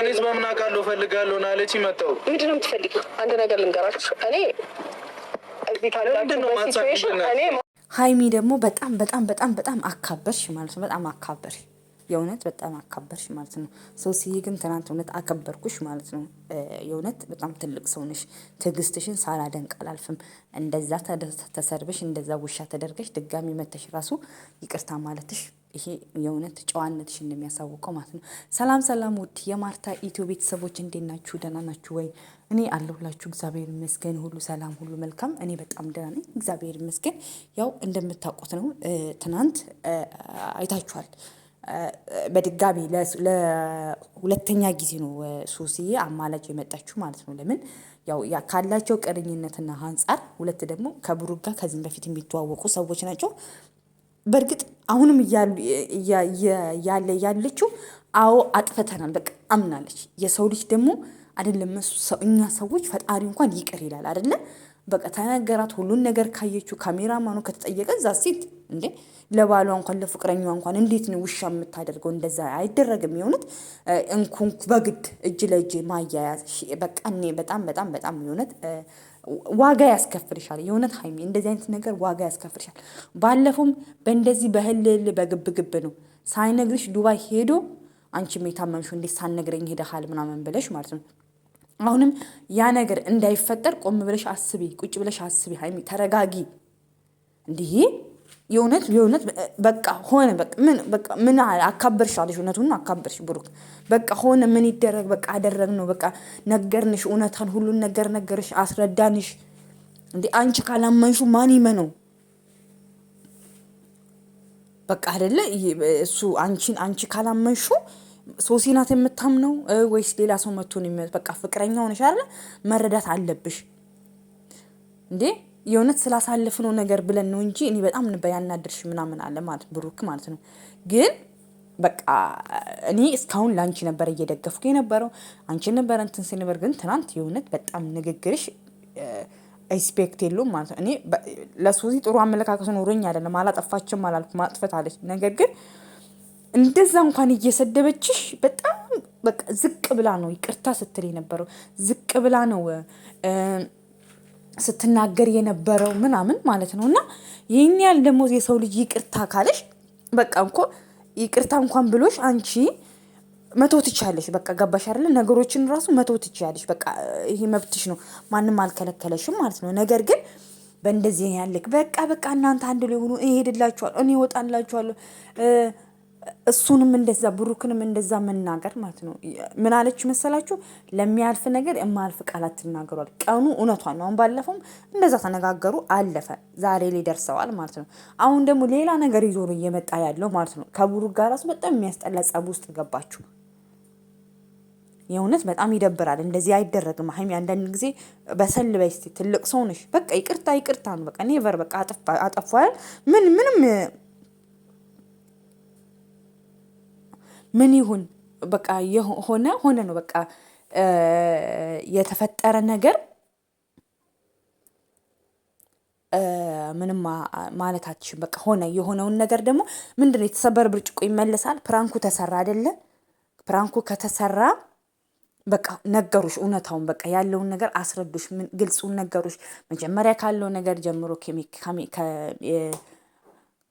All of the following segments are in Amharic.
እኔስ በምን አውቃለሁ? እፈልጋለሁ ና አለችኝ። መጣሁ። ምንድን ነው የምትፈልጊው? አንድ ነገር ልንገራችሁ። እኔ እዚህ ሀይሚ ደግሞ በጣም በጣም በጣም በጣም አካበርሽ ማለት ነው። በጣም አካበርሽ፣ የእውነት በጣም አካበርሽ ማለት ነው። ሶስዬ ግን ትናንት እውነት አከበርኩሽ ማለት ነው። የእውነት በጣም ትልቅ ሰው ነሽ። ትዕግስትሽን ሳላደንቅ አላልፍም። እንደዛ ተሰርበሽ፣ እንደዛ ውሻ ተደርገሽ ድጋሚ መተሽ ራሱ ይቅርታ ማለትሽ ይሄ የእውነት ጨዋነትሽ እንደሚያሳውቀው ማለት ነው። ሰላም ሰላም፣ ውድ የማርታ ኢትዮ ቤተሰቦች እንዴት ናችሁ? ደህና ናችሁ ወይ? እኔ አለሁላችሁ። እግዚአብሔር ይመስገን፣ ሁሉ ሰላም፣ ሁሉ መልካም። እኔ በጣም ደህና ነኝ፣ እግዚአብሔር ይመስገን። ያው እንደምታውቁት ነው፣ ትናንት አይታችኋል። በድጋሚ ለሁለተኛ ጊዜ ነው ሱስዬ አማላጭ የመጣችሁ ማለት ነው። ለምን ያው ካላቸው ቅርኝነትና አንጻር፣ ሁለት ደግሞ ከብሩጋ ከዚህም በፊት የሚተዋወቁ ሰዎች ናቸው በእርግጥ አሁንም ያለ ያለችው አዎ አጥፍተናል በቃ አምናለች። የሰው ልጅ ደግሞ አይደለም እኛ ሰዎች ፈጣሪ እንኳን ይቅር ይላል አይደለ? በቃ ተነገራት ሁሉን ነገር ካየችው ካሜራማኑ ከተጠየቀ እዛ ሴት እንዴ ለባሏ እንኳን ለፍቅረኛ እንኳን እንዴት ነው ውሻ የምታደርገው? እንደዛ አይደረግም። የሆነት እንኩን በግድ እጅ ለእጅ ማያያዝ በቃ እኔ በጣም በጣም በጣም የሆነት ዋጋ ያስከፍልሻል። የእውነት ሀይሚ እንደዚህ አይነት ነገር ዋጋ ያስከፍልሻል። ባለፉም በእንደዚህ በህልል በግብግብ ነው ሳይነግርሽ ዱባይ ሄዶ አንቺ የታመምሽው እንዴት ሳነግረኝ ሄደሃል ምናምን ብለሽ ማለት ነው። አሁንም ያ ነገር እንዳይፈጠር ቆም ብለሽ አስቢ፣ ቁጭ ብለሽ አስቢ። ሀይሚ ተረጋጊ እንዲህ የእውነት የእውነት በቃ ሆነ በቃ ምን አካበርሽ አለሽ። እውነቱን አካበርሽ ብሩክ በቃ ሆነ ምን ይደረግ በቃ አደረግነው በቃ ነገርንሽ፣ እውነታን ሁሉን ነገር ነገርሽ፣ አስረዳንሽ። እንዲ አንቺ ካላመንሹ ማን ይመነው? በቃ አይደለ እሱ አንቺን አንቺ ካላመንሹ ሶሲ ናት የምታምነው ወይስ ሌላ ሰው መጥቶ ነው? በቃ ፍቅረኛ ሆነሽ አለ መረዳት አለብሽ እንዴ የእውነት ስላሳለፍነው ነገር ብለን ነው እንጂ እኔ በጣም ነበር ያናድርሽ ምናምን አለ ማለት ብሩክ ማለት ነው። ግን በቃ እኔ እስካሁን ለአንቺ ነበር እየደገፍኩ የነበረው አንቺ ነበር እንትን ሲነበር፣ ግን ትናንት የእውነት በጣም ንግግርሽ ኤክስፔክት የለውም ማለት ነው። እኔ ለሱዚ ጥሩ አመለካከት ኖሮኝ አይደለም አላጠፋችም አላልኩ ማጥፈት አለች። ነገር ግን እንደዛ እንኳን እየሰደበችሽ በጣም በቃ ዝቅ ብላ ነው ይቅርታ ስትል የነበረው ዝቅ ብላ ነው ስትናገር የነበረው ምናምን ማለት ነው። እና ይህን ያህል ደግሞ የሰው ልጅ ይቅርታ ካለሽ በቃ እኮ ይቅርታ እንኳን ብሎሽ አንቺ መቶ ትቻለሽ። በቃ ገባሽ አይደለ? ነገሮችን ራሱ መቶ ትቻለሽ። በቃ ይሄ መብትሽ ነው፣ ማንም አልከለከለሽም ማለት ነው። ነገር ግን በእንደዚህ ያለክ በቃ በቃ እናንተ አንድ ላይ ሆኑ፣ እሄድላችኋለሁ፣ እኔ እወጣላችኋለሁ እሱንም እንደዛ ብሩክንም እንደዛ መናገር ማለት ነው። ምን አለች መሰላችሁ? ለሚያልፍ ነገር የማያልፍ ቃላት ትናገሯል። ቀኑ እውነቷን ነው። አሁን ባለፈውም እንደዛ ተነጋገሩ፣ አለፈ። ዛሬ ላይ ደርሰዋል ማለት ነው። አሁን ደግሞ ሌላ ነገር ይዞ ነው እየመጣ ያለው ማለት ነው። ከብሩክ ጋር ራሱ በጣም የሚያስጠላ ጸብ ውስጥ ገባችሁ። የእውነት በጣም ይደብራል። እንደዚህ አይደረግም። ሀይሚ አንዳንድ ጊዜ በሰል በይ እስኪ፣ ትልቅ ሰው ነሽ። በቃ ይቅርታ ይቅርታ ነው በቃ ኔቨር በቃ አጠፋ ምን ምንም ምን ይሁን በቃ የሆነ ሆነ ነው በቃ የተፈጠረ ነገር ምንም ማለታችን በቃ ሆነ የሆነውን ነገር ደግሞ ምንድነው የተሰበረ ብርጭቆ ይመለሳል። ፕራንኩ ተሰራ አይደለ? ፕራንኩ ከተሰራ በቃ ነገሩሽ እውነታውን በቃ ያለውን ነገር አስረዱሽ፣ ግልጹን ነገሩሽ። መጀመሪያ ካለው ነገር ጀምሮ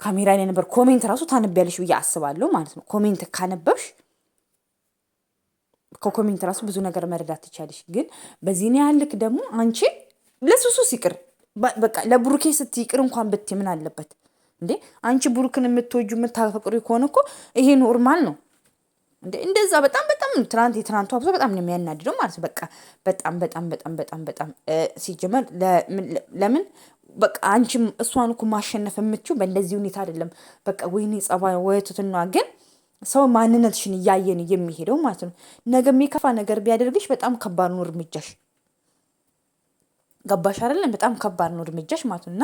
ካሜራ ላይ ነበር። ኮሜንት ራሱ ታነቢያለሽ ብዬ አስባለሁ ማለት ነው። ኮሜንት ካነበብሽ ከኮሜንት ራሱ ብዙ ነገር መረዳት ትቻለሽ። ግን በዚህ ነው ያልክ ደግሞ አንቺ ለሱሱ ሲቅር በቃ ለብሩኬ ይቅር እንኳን ብት ምን አለበት እንዴ? አንቺ ብሩክን የምትወጁ የምታፈቅሩ ከሆነ እኮ ይሄ ኖርማል ነው። እንደዛ በጣም በጣም ትናንት የትናንቱ አብሶ በጣም ነው የሚያናድደው ማለት በቃ በጣም በጣም በጣም በጣም በጣም ሲጀመር ለምን በቃ አንቺም እሷን እኮ ማሸነፍ የምችው በእንደዚህ ሁኔታ አይደለም። በቃ ወይኔ ጸባይ ወየቱትና ግን ሰው ማንነትሽን እያየን የሚሄደው ማለት ነው። ነገ የሚከፋ ነገር ቢያደርግሽ በጣም ከባድ ነው እርምጃሽ። ገባሽ አይደለም? በጣም ከባድ ነው እርምጃሽ ማለት ነው እና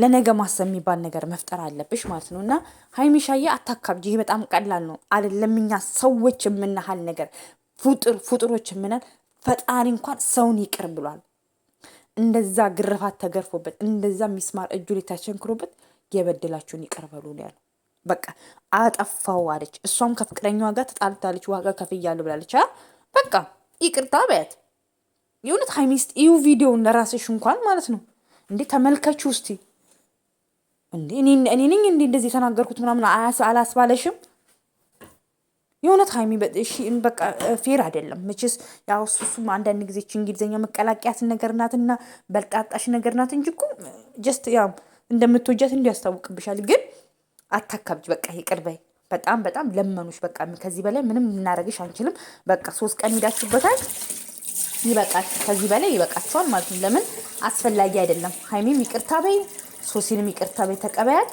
ለነገ ማሰብ የሚባል ነገር መፍጠር አለብሽ ማለት ነው። እና ሀይሚሻዬ አታካብጂ። ይሄ በጣም ቀላል ነው አይደለም። እኛ ሰዎች የምናሃል ነገር ፍጡር ፍጡሮች የምናል ፈጣሪ እንኳን ሰውን ይቅር ብሏል። እንደዛ ግርፋት ተገርፎበት እንደዛ ሚስማር እጁ ላይ ተቸንክሮበት የበደላችሁን ይቅር በሉ ነው በቃ አጠፋው አለች። እሷም ከፍቅረኛዋ ጋር ተጣልታለች፣ ዋጋ ከፍያለሁ ብላለች። በቃ ይቅርታ በያት። የእውነት ሀይሚስት ይሁ ቪዲዮውን ለራስሽ እንኳን ማለት ነው እንዴ ተመልከች ውስቲ እኔ ነኝ እንዴ እንደዚህ የተናገርኩት ምናምን አላስባለሽም? የእውነት ሀይሚ በቃ ፌር አይደለም። መቼስ ያው እሱም አንዳንድ ጊዜ እንግሊዝኛ መቀላቂያት ነገር ናትና በልጣጣሽ ነገር ናት እንጂ እኮ ጀስት ያው እንደምትወጃት እንዲ ያስታውቅብሻል። ግን አታካብጅ፣ በቃ ይቅር በይ። በጣም በጣም ለመኑሽ። በቃ ከዚህ በላይ ምንም እናደርግሽ አንችልም። በቃ ሶስት ቀን ሄዳችሁበታል። ይበቃል። ከዚህ በላይ ይበቃቸዋል ማለት ነው። ለምን አስፈላጊ አይደለም። ሀይሚም ይቅርታ በይ ሶሲንም ይቅርታ ቤት ተቀበያት።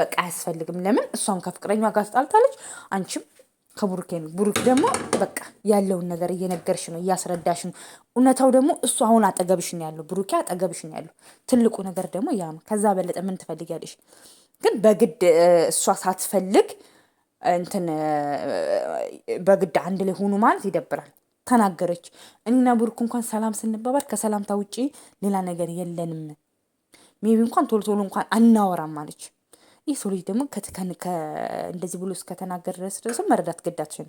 በቃ አያስፈልግም። ለምን እሷን ከፍቅረኛዋ ጋር ተጣልታለች፣ አንቺም ከቡሩኬ ነው። ቡሩክ ደግሞ በቃ ያለውን ነገር እየነገርሽ ነው፣ እያስረዳሽ ነው። እውነታው ደግሞ እሱ አሁን አጠገብሽ ነው ያለው፣ ቡሩኬ አጠገብሽ ነው ያለው። ትልቁ ነገር ደግሞ ያ ነው። ከዛ በለጠ ምን ትፈልጊያለሽ? ግን በግድ እሷ ሳትፈልግ እንትን በግድ አንድ ላይ ሆኑ ማለት ይደብራል። ተናገረች። እኔና ቡሩክ እንኳን ሰላም ስንባባል ከሰላምታ ውጪ ሌላ ነገር የለንም። ሜቢ እንኳን ቶሎ ቶሎ እንኳን አናወራም አለች። ይህ ሰው ልጅ ደግሞ እንደዚህ ብሎ እስከተናገር ድረስ ድረስ መረዳት ገዳችን